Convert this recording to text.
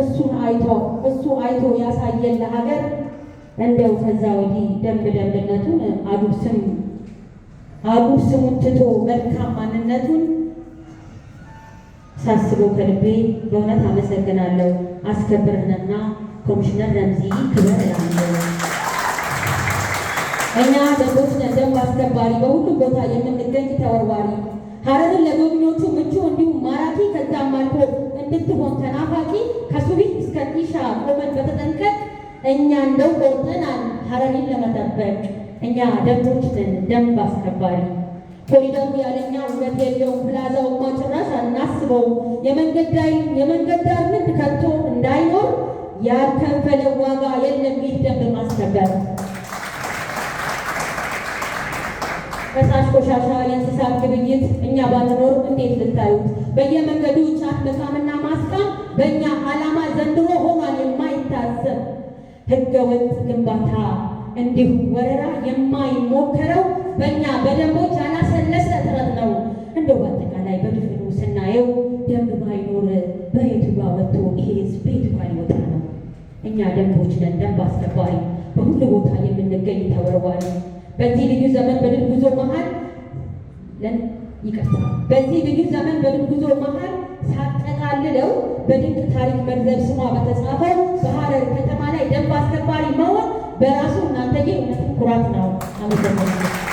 እሱን አይቶ እሱ አይቶ ያሳየን ለሀገር እንደው ከዛ ወዲህ ደንብ ደንብነቱን አጉል ትቶ መልካም ማንነቱን ሳስበው ከልቤ በእውነት አመሰግናለሁ። አስከብርንና ኮሚሽነር ረምዚ ክብር እላለሁ። እኛ ደንቦች ነን፣ ደንብ አስከባሪ፣ በሁሉም ቦታ የምንገኝ ተወርዋሪ፣ ሀረርን ለጎብኚዎቹ ምቹ እንዲሁም ማራ እንድትሆን ተናፋቂ ከሱቢት እስከ ኢሻ ቆመን በተጠንቀቅ እኛ እንደው ቆርጠናል ሀረሪን ለመጠበቅ እኛ ደንቦች ነን ደንብ አስከባሪ ኮሪደሩ ያለኛ ውበት የለውም። ፕላዛው እንኳ ጭራሽ አናስበው። የመንገድ ዳር ንግድ ከቶ እንዳይኖር ያልከፈለ ዋጋ የለም ይህ ደንብ ማስከበር። ፈሳሽ ቆሻሻ፣ የእንስሳት ግብይት እኛ ባንኖር እንዴት ልታዩት በየመንገዱ ቻት መሳምና በእኛ ዓላማ ዘንድሮ ሆኗል የማይታዘብ ህገወጥ ግንባታ እንዲሁ ወረራ የማይሞከረው በእኛ በደንቦች ያላሰለሰ ጥረት ነው። እንደው በአጠቃላይ በድፍኑ ስናየው ደንብ ባይኖር በየቱ ጋር ወጥቶ ይሄ ህዝብ ቤቱ ይወጣ ነው። እኛ ደንቦች ነን ደንብ አስከባሪ፣ በሁሉ ቦታ የምንገኝ ተወርዋል። በዚህ ልዩ ዘመን በድል ጉዞ መሃል ይቀጥላል። በዚህ ድንቅ ዘመን ጉዞ መሃል ሳጠቃልለው በድንቅ ታሪክ መዝገብ ስሟ በተጻፈው በሀረር ከተማ ላይ ደንብ አስከባሪ መሆን በራሱ እናንተዬ እውነትም ኩራት ነው። አመሰግናለሁ።